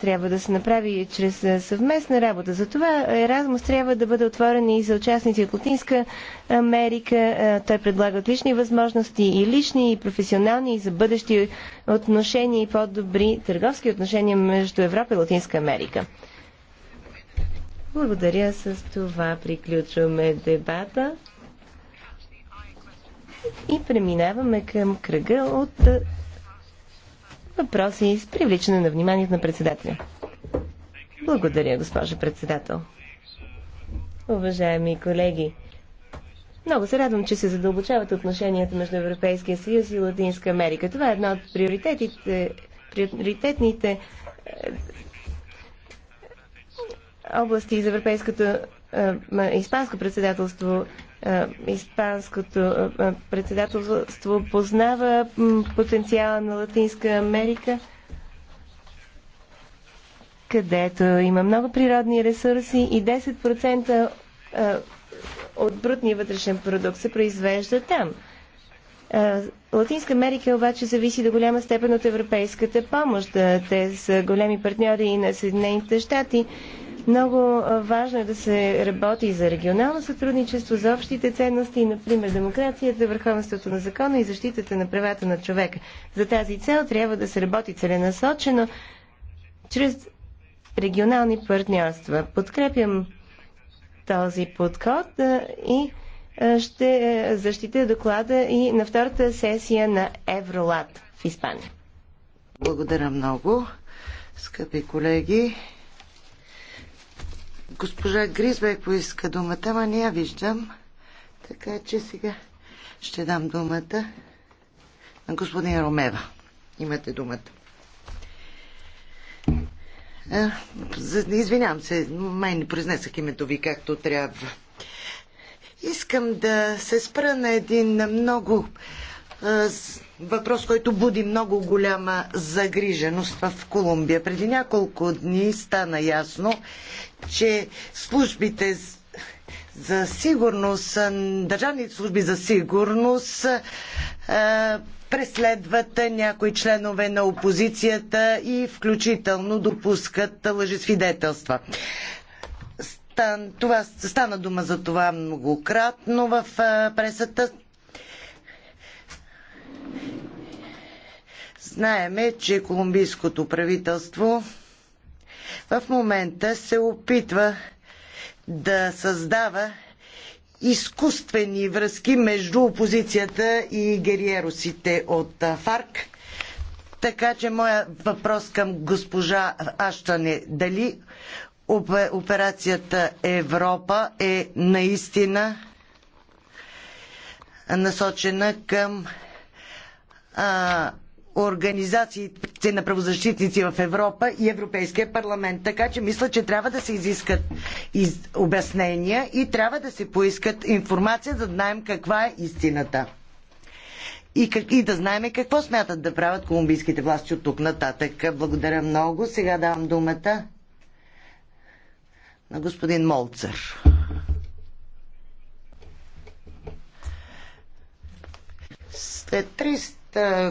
трябва да се направи чрез съвместна работа. Затова Еразмус трябва да бъде отворен и за участници от Латинска Америка. Той предлага отлични възможности и лични, и професионални, и за бъдещи отношения и по-добри търговски отношения между Европа и Латинска Америка. Благодаря. С това приключваме дебата. И преминаваме към кръга от въпроси с привличане на вниманието на председателя. Благодаря, госпожа председател. Уважаеми колеги, много се радвам, че се задълбочават отношенията между Европейския съюз и Латинска Америка. Това е една от приоритетите, приоритетните области за европейското е, испанско председателство е, Испанското е, е, председателство познава потенциала на Латинска Америка, където има много природни ресурси и 10% от брутния вътрешен продукт се произвежда там. Латинска Америка обаче зависи до голяма степен от европейската помощ. Те са големи партньори и на Съединените щати много важно е да се работи за регионално сътрудничество, за общите ценности, например демокрацията, върховенството на закона и защитата на правата на човека. За тази цел трябва да се работи целенасочено чрез регионални партньорства. Подкрепям този подход и ще защитя доклада и на втората сесия на Евролат в Испания. Благодаря много, скъпи колеги. Госпожа Гризбек поиска думата, но не я виждам. Така че сега ще дам думата на господин Ромева. Имате думата. Извинявам се, май не произнесах името ви както трябва. Искам да се спра на един много въпрос, който буди много голяма загриженост в Колумбия. Преди няколко дни стана ясно, че службите за сигурност, държавните служби за сигурност преследват някои членове на опозицията и включително допускат лъжесвидетелства. Това, стана дума за това многократно в пресата. Знаеме, че колумбийското правителство в момента се опитва да създава изкуствени връзки между опозицията и гериеросите от ФАРК. Така че моя въпрос към госпожа Аштан е дали операцията Европа е наистина насочена към а, организациите на правозащитници в Европа и Европейския парламент. Така че мисля, че трябва да се изискат из... обяснения и трябва да се поискат информация, за да знаем каква е истината. И, как... и да знаем какво смятат да правят колумбийските власти от тук нататък. Благодаря много. Сега давам думата на господин Молцер. След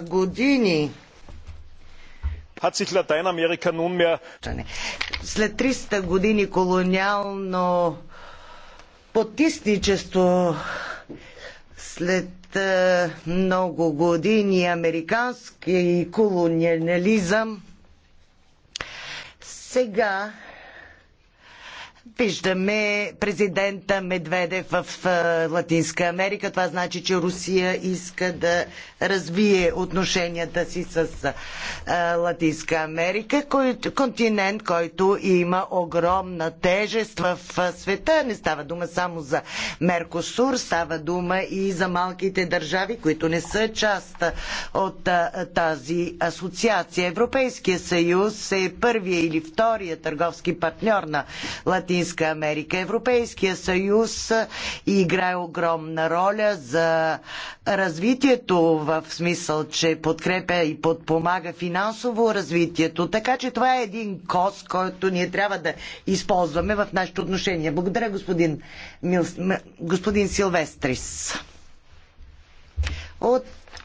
години След 300 години колониално потисничество, след е, много години американски колониализъм, сега Виждаме президента Медведев в Латинска Америка. Това значи, че Русия иска да развие отношенията си с Латинска Америка, континент, който има огромна тежест в света. Не става дума само за Меркосур, става дума и за малките държави, които не са част от тази асоциация. Европейския съюз е първия или втория търговски партньор на Латинска Латинска Америка. Европейския съюз играе огромна роля за развитието в смисъл, че подкрепя и подпомага финансово развитието. Така че това е един кос, който ние трябва да използваме в нашите отношения. Благодаря, господин, господин Силвестрис. От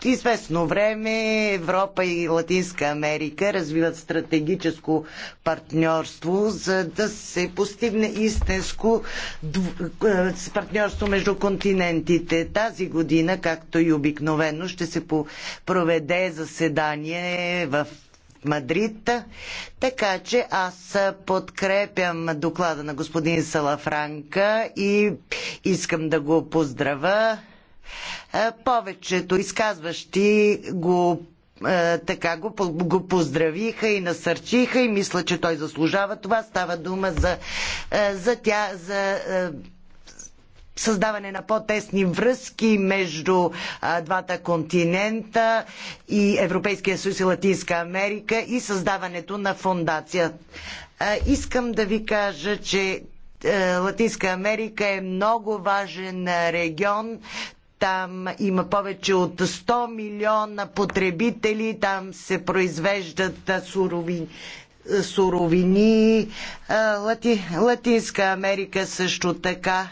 известно време Европа и Латинска Америка развиват стратегическо партньорство, за да се постигне истинско е, партньорство между континентите. Тази година, както и обикновено, ще се проведе заседание в Мадрид. Така че аз подкрепям доклада на господин Салафранка и искам да го поздравя е, повечето изказващи го е, така го, го поздравиха и насърчиха и мисля, че той заслужава това. Става дума за, е, за тя, за създаване на по-тесни връзки между двата континента и Европейския съюз и Латинска Америка и създаването на фондация. искам да ви кажа, че Латинска Америка е много важен регион. Там има повече от 100 милиона потребители, там се произвеждат суровини суровини. Лати, Латинска Америка също така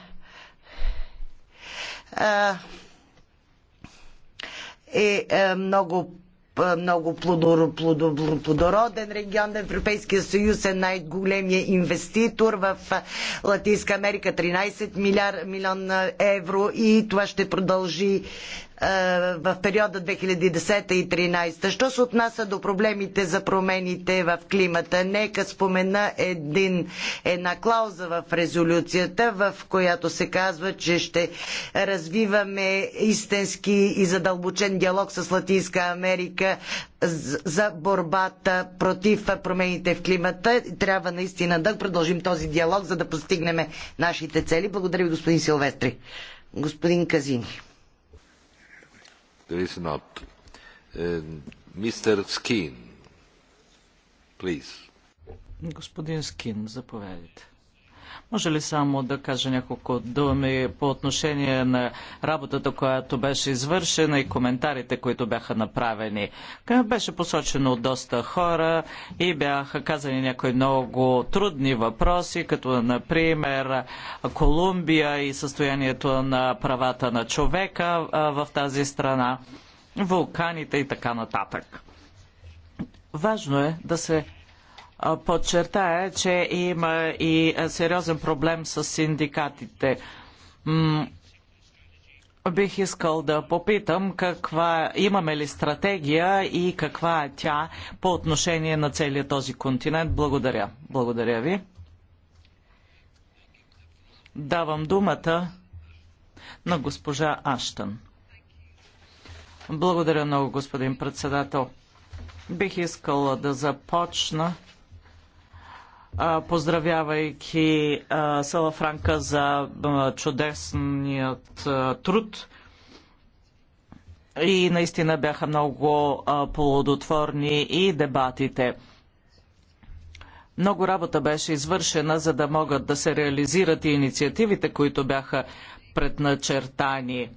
е, е много много плодороден регион на Европейския съюз, е най-големия инвеститор в Латинска Америка 13 милиона евро и това ще продължи е, в периода 2010 и 2013. Що се отнася до проблемите за промените в климата? Нека спомена един, една клауза в резолюцията, в която се казва, че ще развиваме истински и задълбочен диалог с Латинска Америка за борбата против промените в климата. Трябва наистина да продължим този диалог, за да постигнем нашите цели. Благодаря ви, господин Силвестри. Господин Казини. There is not. Мистер Скин, please. Господин Скин, заповядайте. Може ли само да кажа няколко думи по отношение на работата, която беше извършена и коментарите, които бяха направени? Беше посочено доста хора и бяха казани някои много трудни въпроси, като например Колумбия и състоянието на правата на човека в тази страна, вулканите и така нататък. Важно е да се подчертая, че има и сериозен проблем с синдикатите. Бих искал да попитам каква имаме ли стратегия и каква е тя по отношение на целия този континент. Благодаря. Благодаря ви. Давам думата на госпожа Аштън. Благодаря много, господин председател. Бих искала да започна поздравявайки Сала Франка за чудесният труд. И наистина бяха много плодотворни и дебатите. Много работа беше извършена, за да могат да се реализират и инициативите, които бяха предначертани.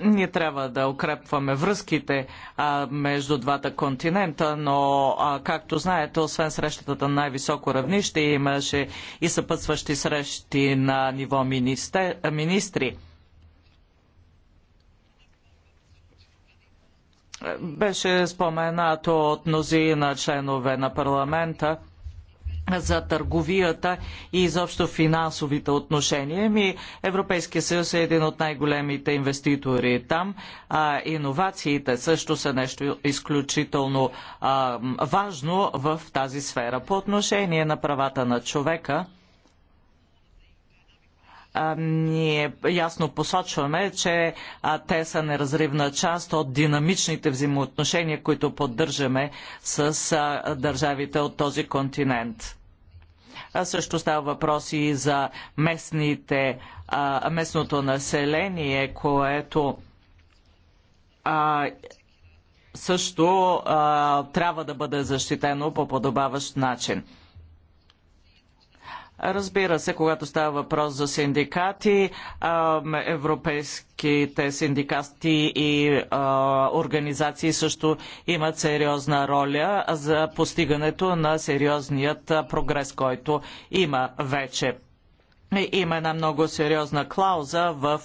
Ние трябва да укрепваме връзките а, между двата континента, но, а, както знаете, освен срещата на най-високо равнище, имаше и съпътстващи срещи на ниво министе, министри. Беше споменато от мнозина членове на парламента за търговията и изобщо финансовите отношения. Ми Европейския съюз е един от най-големите инвеститори там. А, иновациите също са нещо изключително а, важно в тази сфера. По отношение на правата на човека, ние ясно посочваме, че те са неразривна част от динамичните взаимоотношения, които поддържаме с държавите от този континент. А също става въпрос и за местните, а, местното население, което а, също а, трябва да бъде защитено по подобаващ начин. Разбира се, когато става въпрос за синдикати, европейските синдикати и организации също имат сериозна роля за постигането на сериозният прогрес, който има вече. Има една много сериозна клауза в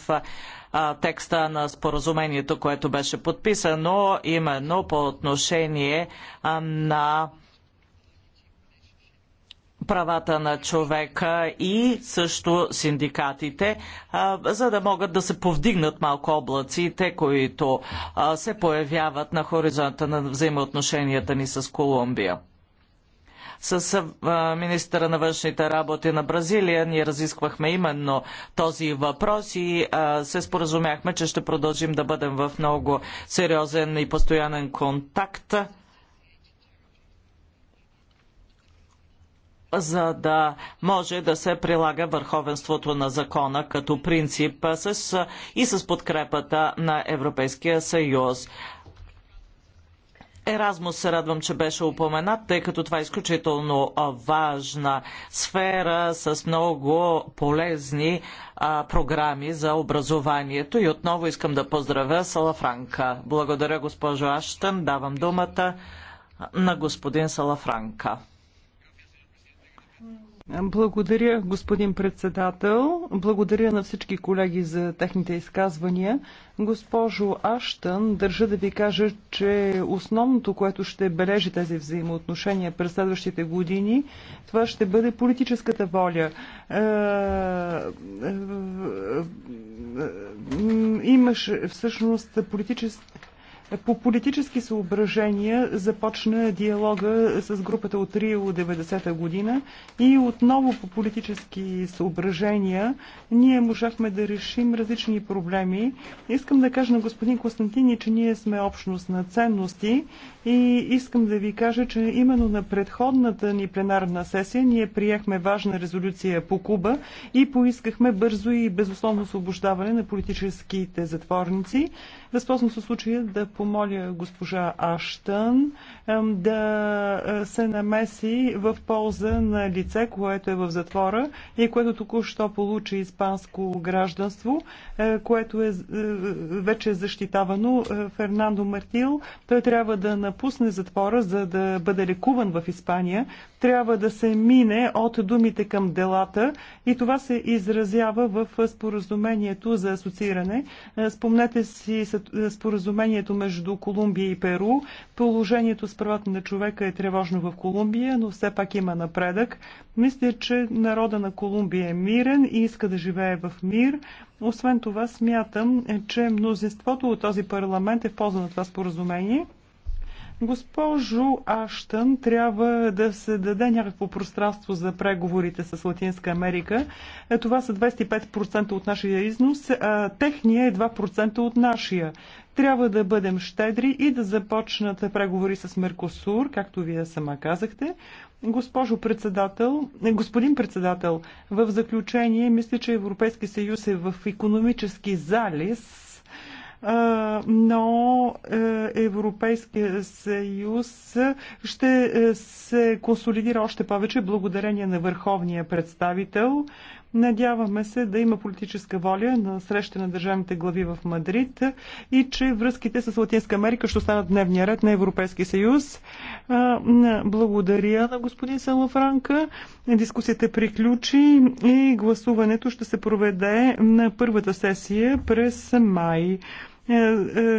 текста на споразумението, което беше подписано именно по отношение на правата на човека и също синдикатите, за да могат да се повдигнат малко облаците, които се появяват на хоризонта на взаимоотношенията ни с Колумбия. С министъра на външните работи на Бразилия ние разисквахме именно този въпрос и се споразумяхме, че ще продължим да бъдем в много сериозен и постоянен контакт за да може да се прилага върховенството на закона като принцип с, и с подкрепата на Европейския съюз. Еразмус се радвам, че беше упоменат, тъй като това е изключително важна сфера с много полезни а, програми за образованието. И отново искам да поздравя Салафранка. Благодаря, госпожо Аштън. Давам думата на господин Салафранка. Благодаря, господин председател. Благодаря на всички колеги за техните изказвания. Госпожо Аштън, държа да ви кажа, че основното, което ще бележи тези взаимоотношения през следващите години, това ще бъде политическата воля. Е, е, е, Имаше всъщност политическа по политически съображения започна диалога с групата от Рио 90-та година и отново по политически съображения ние можахме да решим различни проблеми. Искам да кажа на господин Константини, че ние сме общност на ценности и искам да ви кажа, че именно на предходната ни пленарна сесия ние приехме важна резолюция по Куба и поискахме бързо и безусловно освобождаване на политическите затворници. Възползвам се случая да помоля госпожа Аштън да е, се намеси в полза на лице, което е в затвора и което току-що получи испанско гражданство, е, което е, е вече е защитавано. Фернандо Мартил, той трябва да напусне затвора, за да бъде лекуван в Испания трябва да се мине от думите към делата и това се изразява в споразумението за асоцииране. Е, спомнете си е, споразумението между Колумбия и Перу. Положението с правата на човека е тревожно в Колумбия, но все пак има напредък. Мисля, че народа на Колумбия е мирен и иска да живее в мир. Освен това, смятам, е, че мнозинството от този парламент е в полза на това споразумение. Госпожо Аштън, трябва да се даде някакво пространство за преговорите с Латинска Америка. Е, това са 25% от нашия износ, а техния е 2% от нашия. Трябва да бъдем щедри и да започнат преговори с Меркосур, както вие сама казахте. Госпожо председател, е, господин председател, в заключение мисля, че Европейски съюз е в економически залез но е, Европейския съюз ще е, се консолидира още повече благодарение на върховния представител. Надяваме се да има политическа воля на среща на държавните глави в Мадрид и че връзките с Латинска Америка ще станат дневния ред на Европейския съюз. Благодаря на господин Салафранка. Дискусията приключи и гласуването ще се проведе на първата сесия през май you know, uh,